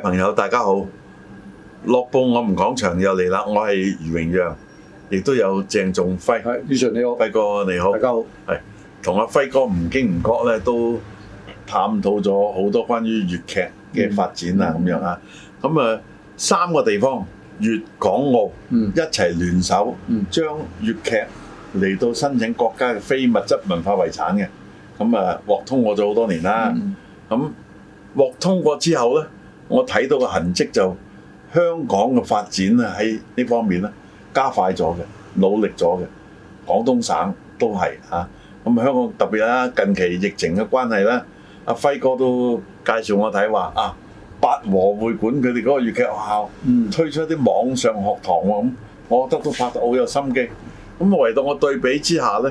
朋友，大家好！樂報我哋講場又嚟啦，我係余榮陽，亦都有鄭仲輝。係余 Sir 你好，輝哥你好，大家好。係同阿輝哥唔經唔覺咧，都探討咗好多關於粵劇嘅發展啊，咁、嗯、樣啊。咁啊，三個地方粵港澳、嗯、一齊聯手，嗯、將粵劇嚟到申請國家嘅非物質文化遺產嘅。咁啊，獲通過咗好多年啦。咁、嗯、獲通過之後咧？我睇到個痕跡，就香港嘅發展咧，喺呢方面咧，加快咗嘅，努力咗嘅。廣東省都係啊，咁香港特別啦，近期疫情嘅關係咧，阿輝哥都介紹我睇話啊，八和會館佢哋嗰個粵劇學校推出一啲網上學堂喎，咁我覺得都發得好有心機。咁唯獨我對比之下咧，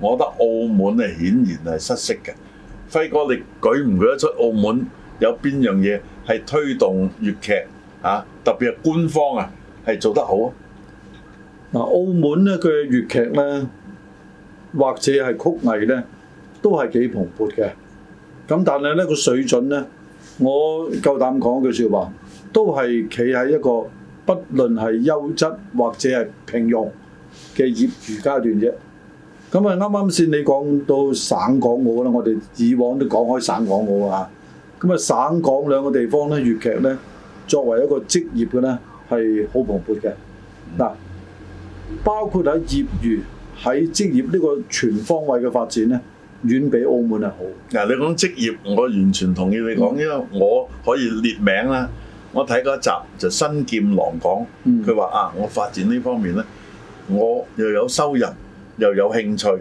我覺得澳門係顯然係失色嘅。輝哥你舉唔舉得出澳門有邊樣嘢？係推動粵劇啊，特別係官方啊，係做得好啊！嗱，澳門呢，佢嘅粵劇呢，或者係曲藝呢，都係幾蓬勃嘅。咁但係呢個水準呢，我夠膽講句説話，都係企喺一個不論係優質或者係平庸嘅業餘階段啫。咁啊，啱啱先你講到省港澳啦，我哋以往都講開省港澳啊。咁啊，省港兩個地方咧，粵劇咧，作為一個職業嘅咧，係好蓬勃嘅。嗱，包括喺業餘、喺職業呢個全方位嘅發展咧，遠比澳門係好。嗱，你講職業，我完全同意你講，因為我可以列名啦。我睇過一集就是《新劍郎講》，佢話啊，我發展呢方面咧，我又有收入，又有興趣。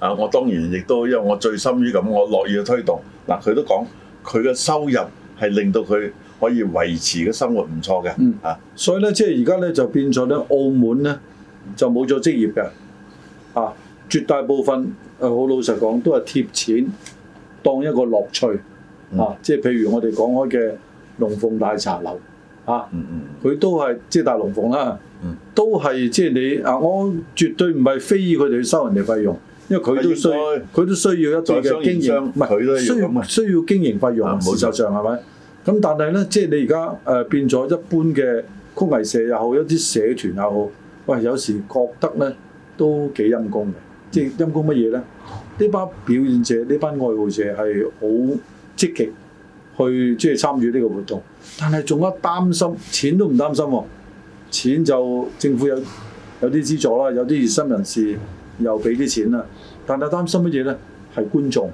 啊，我當然亦都因為我醉心於咁，我樂意去推動。嗱、啊，佢都講。佢嘅收入係令到佢可以維持嘅生活唔錯嘅，啊、嗯，所以咧，即係而家咧就變咗咧，澳門咧就冇咗職業嘅，啊，絕大部分啊，好老實講都係貼錢當一個樂趣，啊，即係、嗯、譬如我哋講開嘅龍鳳大茶樓，啊，佢、嗯嗯、都係即係大龍鳳啦，嗯、都係即係你啊，我絕對唔係非議佢哋收人哋費用。因為佢都需要，佢該都需要一啲嘅經營，唔係不需要需要經營費用。啊、事實上係咪？咁錯但係咧，即係你而家誒變咗一般嘅曲藝社又好，一啲社團又好，喂、哎，有時覺得咧都幾陰公嘅。即係陰公乜嘢咧？呢班、嗯、表演者、呢班、嗯、愛護者係好積極去即係參與呢個活動，但係仲一擔心錢都唔擔心喎、啊，錢就政府有有啲資助啦，有啲熱心人士。又俾啲錢啦，但係擔心乜嘢呢？係觀眾，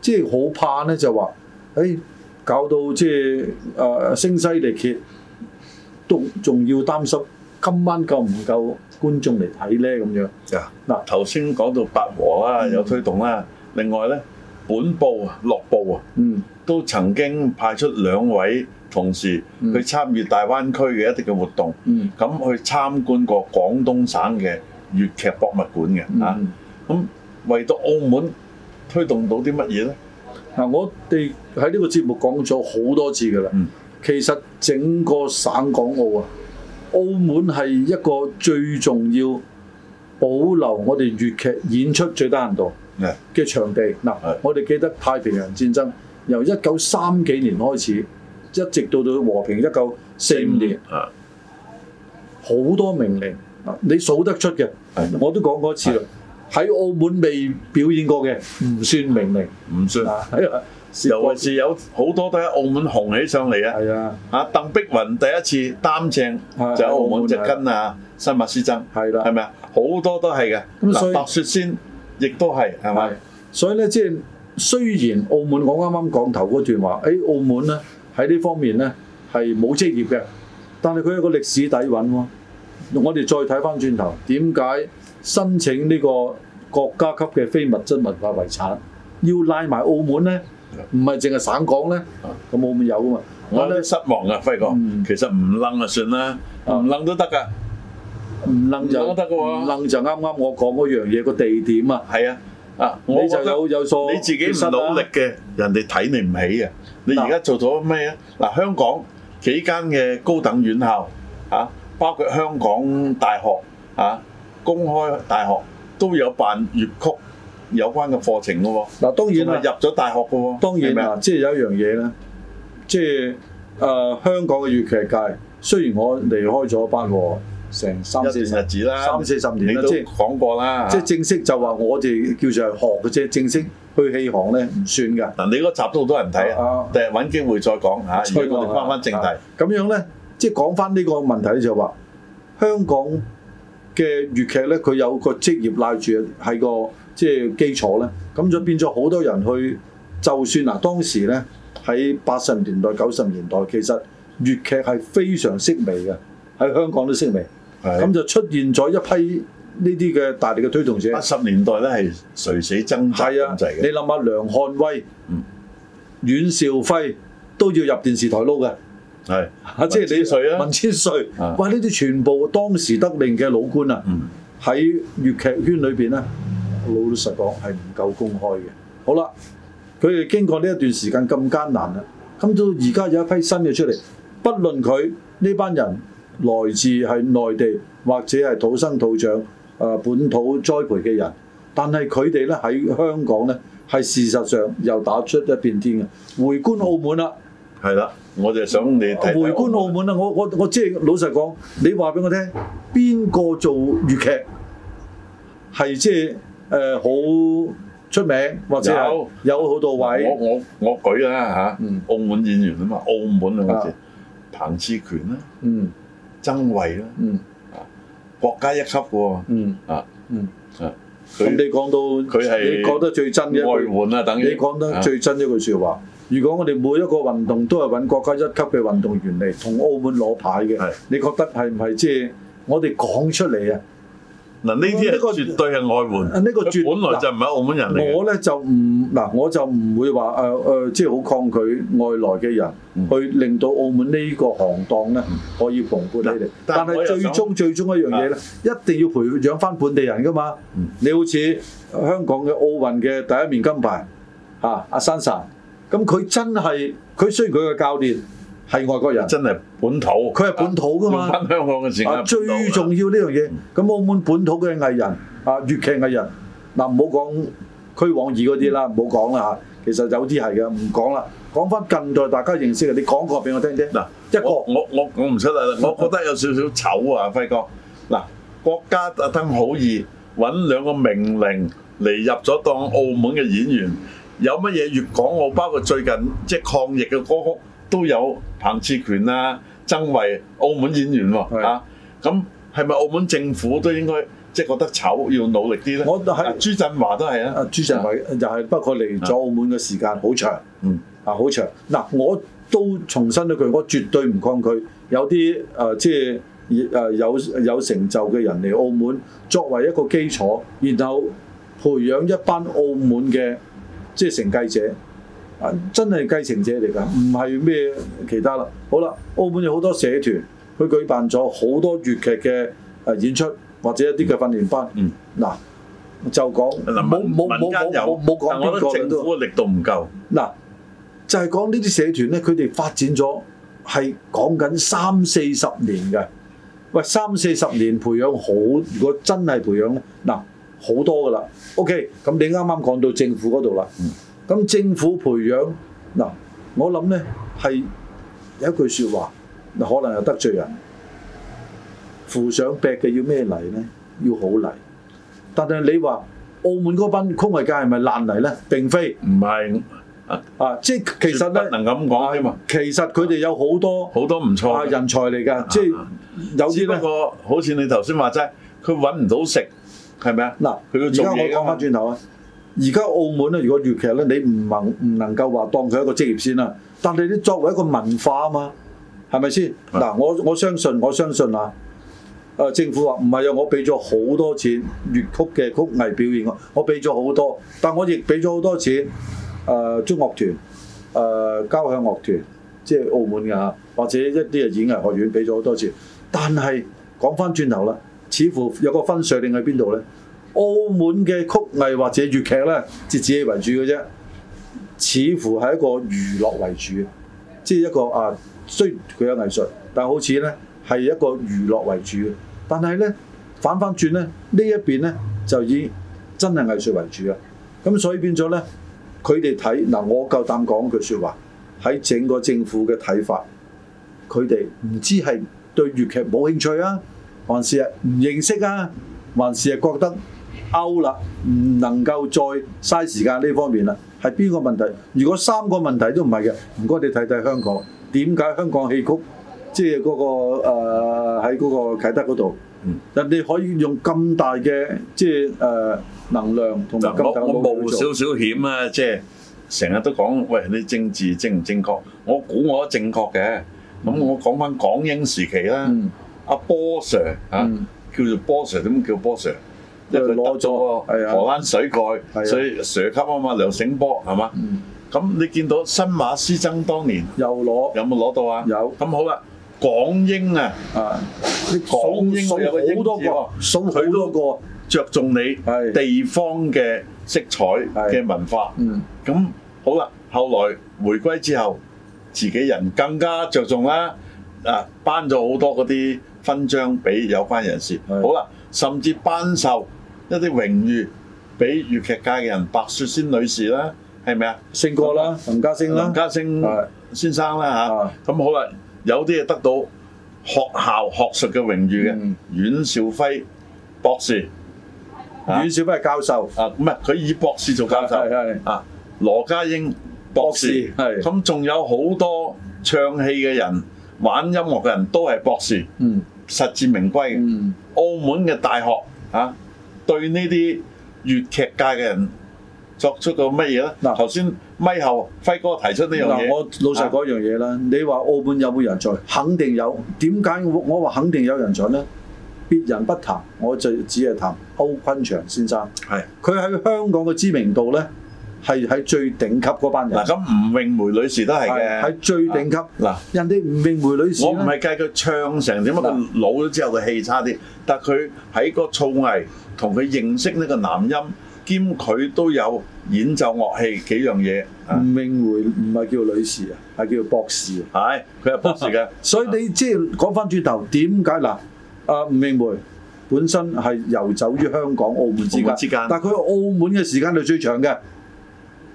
即係好怕呢，就話，誒、哎，搞到即係誒聲嘶力竭，都仲要擔心今晚夠唔夠觀眾嚟睇呢。咁樣。嗱、啊，頭先講到八和啦、啊，嗯、有推動啦、啊。另外呢，本報,樂報啊、樂報啊，嗯，都曾經派出兩位同事去參與大灣區嘅一啲嘅活動，嗯，咁、嗯、去參觀過廣東省嘅。粵劇博物館嘅嚇，咁、啊嗯、唯獨澳門推動到啲乜嘢呢？嗱、啊，我哋喺呢個節目講咗好多次㗎啦。嗯、其實整個省港澳啊，澳門係一個最重要保留我哋粵劇演出最低限度嘅場地。嗱是、啊，我哋記得太平洋戰爭由一九三幾年開始，一直到到和平一九四五年，好的多名伶。你數得出嘅，我都講過一次啦。喺澳門未表演過嘅，唔算名伶，唔算。尤其是有好多都喺澳門紅起上嚟啊！係啊，啊鄧碧雲第一次擔正就喺澳門隻根啊，新馬師曾係啦，係咪啊？好多都係嘅。咁所以白雪仙亦都係係咪？所以咧，即係雖然澳門我啱啱講頭嗰段話，誒澳門咧喺呢方面咧係冇職業嘅，但係佢有個歷史底蘊喎。我哋再睇翻轉頭，點解申請呢個國家級嘅非物質文化遺產要拉埋澳門咧？唔係淨係省港咧，咁澳門有啊嘛？我有啲失望啊，輝哥，其實唔掕就算啦，唔掕都得噶，唔掕就唔掕就啱啱我講嗰樣嘢個地點啊，係啊，啊你就有有數，你自己唔努力嘅，人哋睇你唔起啊！你而家做咗咩咧？嗱，香港幾間嘅高等院校嚇。包括香港大學啊，公開大學都有辦粵曲有關嘅課程噶喎。嗱，當然啊，入咗大學噶喎。當然啊，即係有一樣嘢咧，即係誒香港嘅粵劇界。雖然我離開咗北河成三四日子啦，三四十年啦，即係講過啦。即係正式就話我哋叫做係學嘅啫，正式去戲行咧唔算㗎。嗱，你個集都好多人睇啊，第日揾機會再講嚇。所以我哋翻返正題，咁樣咧。即係講翻呢個問題咧，就話香港嘅粵劇咧，佢有個職業拉住係個即係基礎咧，咁就變咗好多人去。就算嗱當時咧喺八十年代、九十年代，其實粵劇係非常式微嘅，喺香港都式微。咁的就出現咗一批呢啲嘅大力嘅推動者。八十年代咧係垂死掙扎啊！你諗下，梁漢威、嗯、阮兆輝都要入電視台撈嘅。係，啊，即係李瑞啦，文千歲，哇！呢啲全部當時得令嘅老官啊，喺、嗯、粵劇圈裏邊咧，老老實講係唔夠公開嘅。好啦，佢哋經過呢一段時間咁艱難啦，咁到而家有一批新嘅出嚟，不論佢呢班人來自係內地或者係土生土長誒、呃、本土栽培嘅人，但係佢哋咧喺香港咧係事實上又打出一片天嘅。回觀澳門啦、啊，係啦、嗯。我就想你回觀澳門啊！我我我即係老實講，你話俾我聽，邊個做粵劇係即係誒好出名或者有有好多位？我我我舉啊，吓，澳門演員啊嘛，澳門啊嗰次彭志權啦，嗯，曾慧啦，嗯啊，國家一級嘅喎，嗯啊嗯啊，佢哋講到佢係你講得最真嘅一句，外援啊，等於你講得最真一句説話。如果我哋每一個運動都係揾國家一級嘅運動員嚟同澳門攞牌嘅，你覺得係唔係即係我哋講出嚟啊？嗱，呢啲啊絕對係外援。呢個絕，本來就唔係澳門人嚟。我咧就唔嗱，我就唔會話誒誒，即係好抗拒外來嘅人去令到澳門呢個行當咧可以蓬勃你哋。但係最終最終一樣嘢咧，一定要培養翻本地人噶嘛。你好似香港嘅奧運嘅第一面金牌嚇阿珊珊。咁佢真係，佢雖然佢嘅教練係外國人，真係本土，佢係本土㗎嘛。翻香港嘅事、啊，最重要呢樣嘢。咁、嗯、澳門本土嘅藝人，啊粵劇藝人，嗱唔好講屈黃義嗰啲啦，唔好講啦嚇。其實有啲係嘅，唔講啦。講翻近代大家認識嘅，你講個俾我聽啫。嗱、啊，一個我我我講唔出啦，我覺得有少少醜啊，輝哥。嗱、啊，啊、國家特登好易揾兩個名伶嚟入咗當澳門嘅演員。有乜嘢粵港，我包括最近即係抗疫嘅歌曲都有彭志權啊、曾慧，澳門演員喎啊，咁係咪澳門政府都應該即係、就是、覺得醜，要努力啲咧？我喺朱振華都係啊，朱振華就係不過嚟咗澳門嘅時間好的長，嗯啊好長嗱、啊，我都重申咗佢，我絕對唔抗拒有啲誒、呃、即係誒、呃、有有成就嘅人嚟澳門，作為一個基礎，然後培養一班澳門嘅。即係承繼者，啊，真係繼承者嚟㗎，唔係咩其他啦。好啦，澳門有好多社團，佢舉辦咗好多粵劇嘅誒演出，或者一啲嘅訓練班。嗯，嗱、啊、就講冇冇冇冇冇冇講啲政府嘅力度唔夠。嗱、啊、就係、是、講呢啲社團咧，佢哋發展咗係講緊三四十年嘅。喂，三四十年培養好，如果真係培養咧，嗱、啊。好多㗎啦，OK，咁你啱啱講到政府嗰度啦，咁政府培養嗱，我諗咧係有一句説話，可能係得罪人，扶上壁嘅要咩泥咧？要好泥。但係你話澳門嗰班曲藝界係咪爛泥咧？並非，唔係啊，即係其實咧，不能咁講啊嘛。其實佢哋有好多好多唔錯啊人才嚟㗎，即係有啲咧，個好似你頭先話齋，佢揾唔到食。係咪啊？嗱，而家佢我講翻轉頭啊！而家澳門咧，如果粵劇咧，你唔能唔能夠話當佢一個職業先啦。但係你作為一個文化啊嘛，係咪先？嗱，我我相信，我相信啊！誒、呃，政府話唔係啊，我俾咗好多錢粵曲嘅曲藝表演，我俾咗好多，但我亦俾咗好多錢誒、呃，中樂團、誒、呃、交響樂團，即係澳門㗎，或者一啲嘅演藝學院俾咗好多錢。但係講翻轉頭啦。似乎有個分水嶺喺邊度呢？澳門嘅曲藝或者粵劇咧，以自己為主嘅啫。似乎係一個娛樂為主，即係一個啊，雖然佢有藝術，但係好似呢係一個娛樂為主。但係呢，反翻轉呢，呢一邊呢就以真係藝術為主啊！咁所以變咗呢，佢哋睇嗱，我夠膽講句說話喺整個政府嘅睇法，佢哋唔知係對粵劇冇興趣啊！還是係唔認識啊？還是係覺得 out 啦，唔能夠再嘥時間呢方面啦。係邊個問題？如果三個問題都唔係嘅，唔該你睇睇香港，點解香港戲曲即係嗰個喺嗰、呃、個啟德嗰度，嗯、人哋可以用咁大嘅即係誒能量同埋咁等嘅幫助。我冒少少險啊，即係成日都講喂，你政治正唔正確？我估我都正確嘅。咁我講翻港英時期啦。嗯阿波 Sir 啊，叫做波 Sir，點叫波 Sir？因為佢攞咗啊，荷蘭水蓋，所以 Sir 級啊嘛，梁醒波係嘛？咁你見到新馬師曾當年又攞，有冇攞到啊？有。咁好啦，港英啊，啊，你港英有個英字，數好多個着重你地方嘅色彩嘅文化。嗯。咁好啦，後來回歸之後，自己人更加着重啦，啊，搬咗好多嗰啲。勳章俾有關人士，好啦，甚至頒授一啲榮譽俾粵劇界嘅人，白雪仙女士啦，係咪啊？勝哥啦，林家聲林家聲先生啦吓，咁好啦，有啲係得到學校學術嘅榮譽嘅，阮兆輝博士，阮兆輝係教授啊，唔係佢以博士做教授，啊，羅家英博士，係咁，仲有好多唱戲嘅人，玩音樂嘅人都係博士，嗯。實至名歸嘅、嗯、澳門嘅大學嚇、啊、對呢啲粵劇界嘅人作出過乜嘢呢？嗱、啊，頭先咪後輝哥提出呢樣嘢，我老實講一樣嘢啦。啊、你話澳門有冇人才？肯定有。點解我我話肯定有人才呢？別人不談，我就只係談歐坤祥先生。係，佢喺香港嘅知名度呢，係喺最頂級嗰班人。咁吳詠梅女士都係嘅。係最頂級。嗱、啊，人哋吳詠梅女士，我唔係計佢唱成點啊！佢老咗之後，個氣差啲。但佢喺個造詣同佢認識呢個男音，兼佢都有演奏樂器幾樣嘢。吳詠梅唔係叫女士啊，係叫博士啊。係，佢係博士嘅。 所以你即係講翻轉頭，點解嗱？啊，吳詠梅本身係遊走於香港、澳門之間，但係佢澳門嘅時間係最長嘅。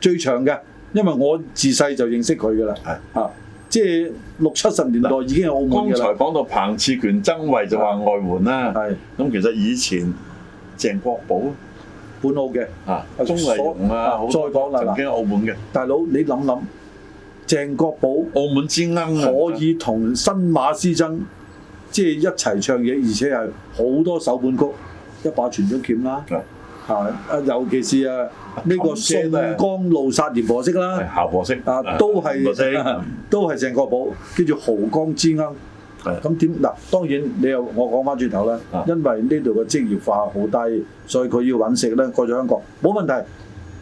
最長嘅，因為我自細就認識佢㗎啦。啊，即係六七十年代已經係澳門嘅。剛才講到彭熾權曾慧就話外援啦。係，咁其實以前鄭國寶，本澳嘅。啊，鍾麗蓉啊，曾經喺澳門嘅。大佬。你諗諗，鄭國寶澳門之恩可以同新馬師曾，即係一齊唱嘢，而且係好多首本曲，一把傳咗劍啦。係啊，尤其是啊。呢個宋江怒殺閻婆惜啦，姣婆惜啊，都係都係成個寶，叫做濠江之鈎。咁點嗱？當然你又我講返轉頭啦，啊、因為呢度嘅職業化好低，所以佢要搵食咧，過咗香港冇問題。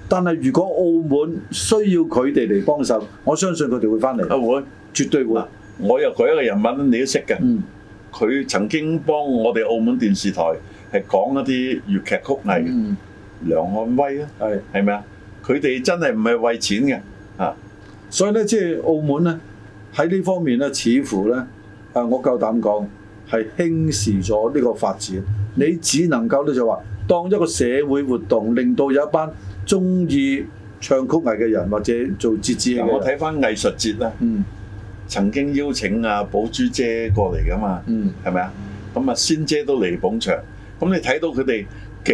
但係如果澳門需要佢哋嚟幫手，我相信佢哋會返嚟。啊，會絕對會、啊。我又舉一個人物，你都識嘅。佢、嗯、曾經幫我哋澳門電視台係講一啲粵劇曲藝。嗯梁漢威咯，係係咪啊？佢哋是真係唔係為錢嘅嚇，所以咧即係澳門咧喺呢在這方面咧，似乎咧誒，我夠膽講係輕視咗呢個發展。你只能夠咧就話、是、當一個社會活動，令到有一班中意唱曲藝嘅人或者做節節。我睇翻藝術節咧，嗯，曾經邀請阿、啊、寶珠姐過嚟噶嘛嗯是，嗯，係咪啊？咁啊，仙姐都嚟捧場，咁你睇到佢哋。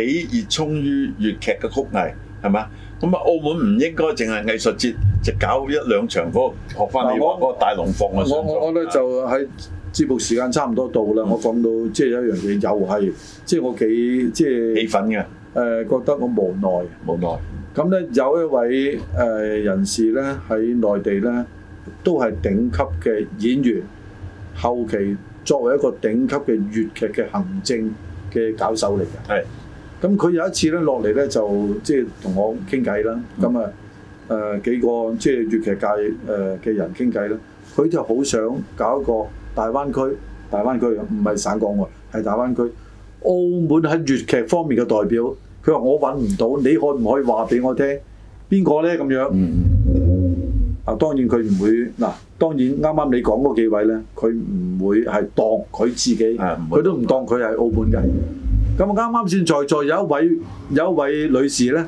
幾熱衷於粵劇嘅曲藝係咪？咁啊，澳門唔應該淨係藝術節就搞一兩場，嗰學翻你話個大龍鳳。我我我咧就喺節目時間差唔多到啦，嗯、我講到即係一樣嘢，又係即係我幾即係氣憤嘅。誒、呃、覺得我無奈無奈。咁咧有一位誒、呃、人士咧喺內地咧，都係頂級嘅演員，後期作為一個頂級嘅粵劇嘅行政嘅搞手嚟嘅。係。咁佢有一次咧落嚟咧就即係同我傾偈啦，咁啊誒幾個即係粵劇界誒嘅、呃、人傾偈啦，佢就好想搞一個大灣區，大灣區唔係省港澳係大灣區，澳門喺粵劇方面嘅代表，佢話我揾唔到，你可唔可以話俾我聽邊個咧咁樣、嗯啊當然會？啊，當然佢唔會嗱，當然啱啱你講嗰幾位咧，佢唔會係當佢自己，佢、啊、都唔當佢係澳門嘅。嗯咁啊啱啱先在座有一位有一位女士咧，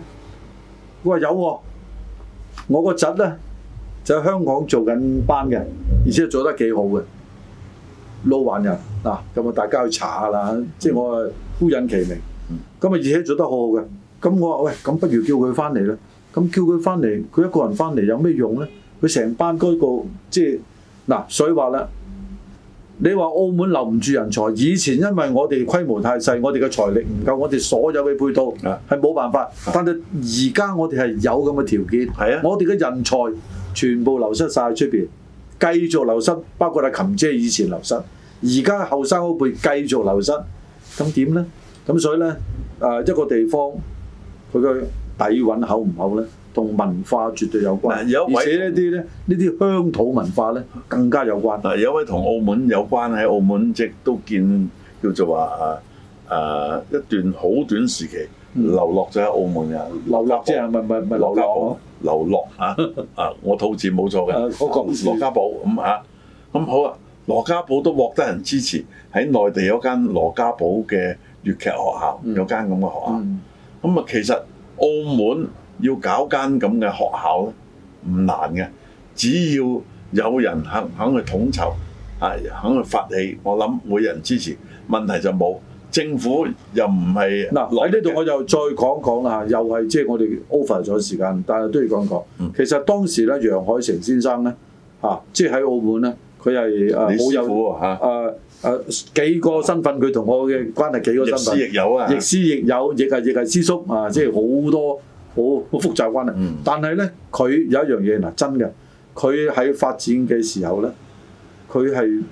佢話有喎、啊，我個侄咧就喺香港做緊班嘅，而且做得幾好嘅，撈穩人嗱，咁啊大家去查下啦，即係我啊姑隱其名，咁啊而且做得好好嘅，咁我話喂，咁不如叫佢翻嚟啦，咁叫佢翻嚟，佢一個人翻嚟有咩用咧？佢成班嗰、那個即係嗱、啊，所以話咧。你話澳門留唔住人才，以前因為我哋規模太細，我哋嘅財力唔夠，我哋所有嘅配套係冇辦法。但係而家我哋係有咁嘅條件。係啊，我哋嘅人才全部流失晒出邊，繼續流失，包括阿琴姐以前流失，而家後生嗰輩繼續流失，咁點咧？咁所以咧，誒、呃、一個地方佢嘅底蘊厚唔厚咧？同文化絕對有關，有位而且呢啲咧，呢啲鄉土文化咧更加有關。嗱，有位同澳門有關喺澳門，即都見叫做話啊啊一段好短時期，嗯、流落咗喺澳門嘅流落，即係咪咪咪羅家寶？流落，流落啊流落 啊！我套字冇錯嘅，我講羅家寶咁，嗯、啊。咁好啊，羅家寶都獲得人支持，喺內地有間羅家寶嘅粵劇學校，有間咁嘅學校。咁，嗯、啊，其實澳門。要搞間咁嘅學校咧，唔難嘅，只要有人肯肯去統籌，啊，肯去發起，我諗每人支持。問題就冇政府又唔係嗱喺呢度，啊、我又再講講啦，又係即係我哋 over 咗時間，但係都要講講。嗯、其實當時咧，楊海成先生咧，嚇、啊、即係喺澳門咧，佢係好有誒誒、啊呃、幾個身份，佢同我嘅關係幾個身份，亦師亦友啊，思亦師亦友，亦係亦係師叔啊，嗯、即係好多。好好複雜關係，但係咧，佢有一樣嘢嗱真嘅，佢喺發展嘅時候咧，佢係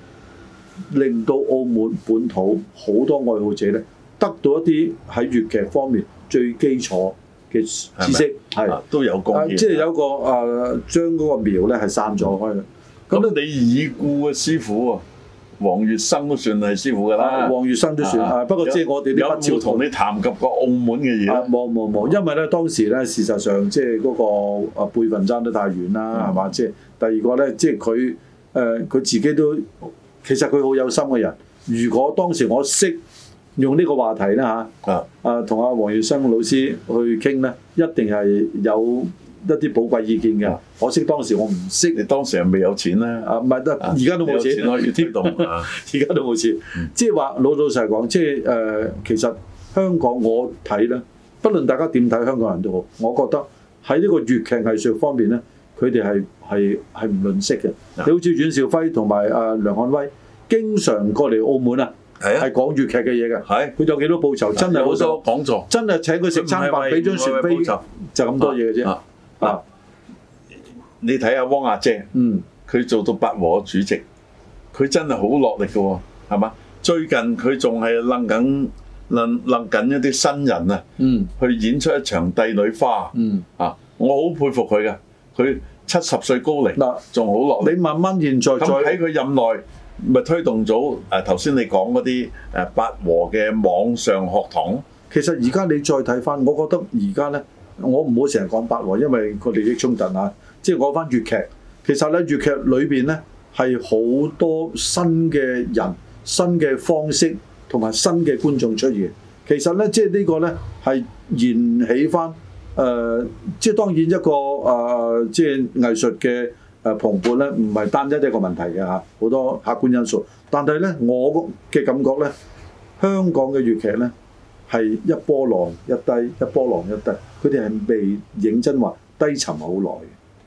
令到澳門本土好多愛好者咧得到一啲喺粵劇方面最基礎嘅知識，係嗎是都有貢獻、啊啊、即係有個啊，將嗰個苗咧係散咗開啦。咁、嗯、你已故嘅師傅啊。黃月生都算係師傅㗎啦，黃、啊、月生都算，啊、不過即係我哋啲不肖同你談及個澳門嘅嘢，冇冇冇，因為咧當時咧事實上即係嗰、那個輩分爭得太遠啦，係嘛、嗯？即係第二個咧，即係佢誒佢自己都其實佢好有心嘅人。如果當時我識用呢個話題咧嚇，啊，啊同阿黃月生老師去傾咧，一定係有。一啲寶貴意見㗎，可惜當時我唔識，當時係未有錢啦。啊，唔係，而家都冇錢咯。越聽到，而家都冇錢。即係話老老實實講，即係誒，其實香港我睇咧，不論大家點睇香港人都好，我覺得喺呢個粵劇藝術方面咧，佢哋係係係唔吝惜嘅。你好似阮兆輝同埋啊梁漢威，經常過嚟澳門啊，係講粵劇嘅嘢㗎。係，佢有幾多報酬？真係好多講座，真係請佢食餐飯，俾張船飛，就咁多嘢嘅啫。啊！你睇下汪阿姐，嗯，佢做到八和主席，佢真係好落力嘅喎，係嘛？最近佢仲係楞緊楞楞緊一啲新人啊，嗯，去演出一場帝女花，嗯，啊，我好佩服佢嘅，佢七十歲高齡，嗱、嗯，仲好落力。你慢慢現在再喺佢任內，咪推動咗誒頭先你講嗰啲誒八和嘅網上學堂。其實而家你再睇翻，我覺得而家咧。我唔好成日講白喎，因為佢利益衝突啊！即係講翻粵劇，其實咧粵劇裏邊咧係好多新嘅人、新嘅方式同埋新嘅觀眾出現。其實咧，即係呢個咧係燃起翻誒，即、呃、係當然一個誒，即、呃、係藝術嘅誒蓬勃咧，唔係單一一個問題嘅嚇，好多客觀因素。但係咧，我嘅感覺咧，香港嘅粵劇咧。係一波浪一低，一波浪一低，佢哋係未認真話低沉好耐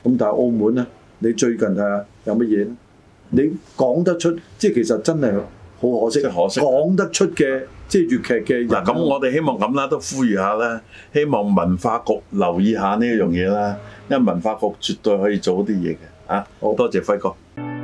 咁，但係澳門咧，你最近睇下有乜嘢咧？你講得出，即係其實真係好可惜。可惜。講得出嘅即係粵劇嘅人。咁我哋希望咁啦，都呼籲一下啦，希望文化局留意一下呢樣嘢啦，因為文化局絕對可以做啲嘢嘅。啊，好多謝輝哥。